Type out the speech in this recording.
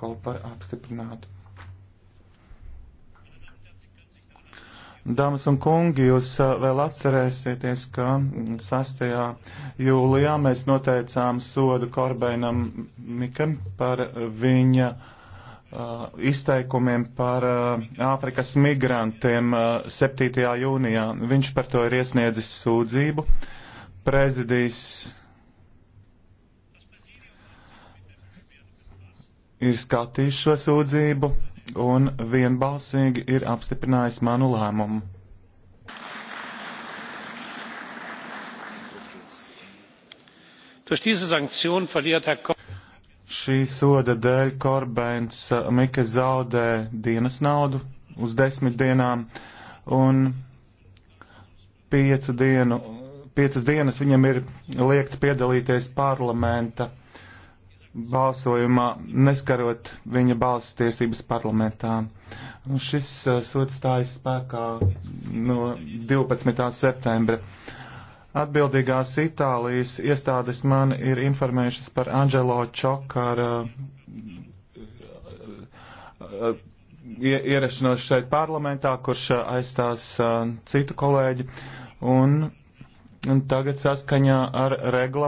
protokolu par apstiprinātu. Dāmas un kungi, jūs vēl atcerēsieties, ka 6. jūlijā mēs noteicām sodu Korbeinam Mikam par viņa uh, izteikumiem par uh, Āfrikas migrantiem uh, 7. jūnijā. Viņš par to ir iesniedzis sūdzību. Prezidijs ir skatījis šo sūdzību un vienbalsīgi ir apstiprinājis manu lēmumu. Durch diese Sanktion verliert Herr Koch šī soda dēļ Korbēns uh, Mika zaudē dienas naudu uz desmit dienām un piecu dienu, piecas dienas viņam ir liekts piedalīties parlamenta balsojumā, neskarot viņa balsas tiesības parlamentā. Un šis uh, sots stājas spēkā no 12. septembra. Atbildīgās Itālijas iestādes man ir informējušas par Angelo Čokara uh, uh, ierašanos šeit parlamentā, kurš uh, aizstās citu kolēģi. Un, un tagad saskaņā ar reglamentu.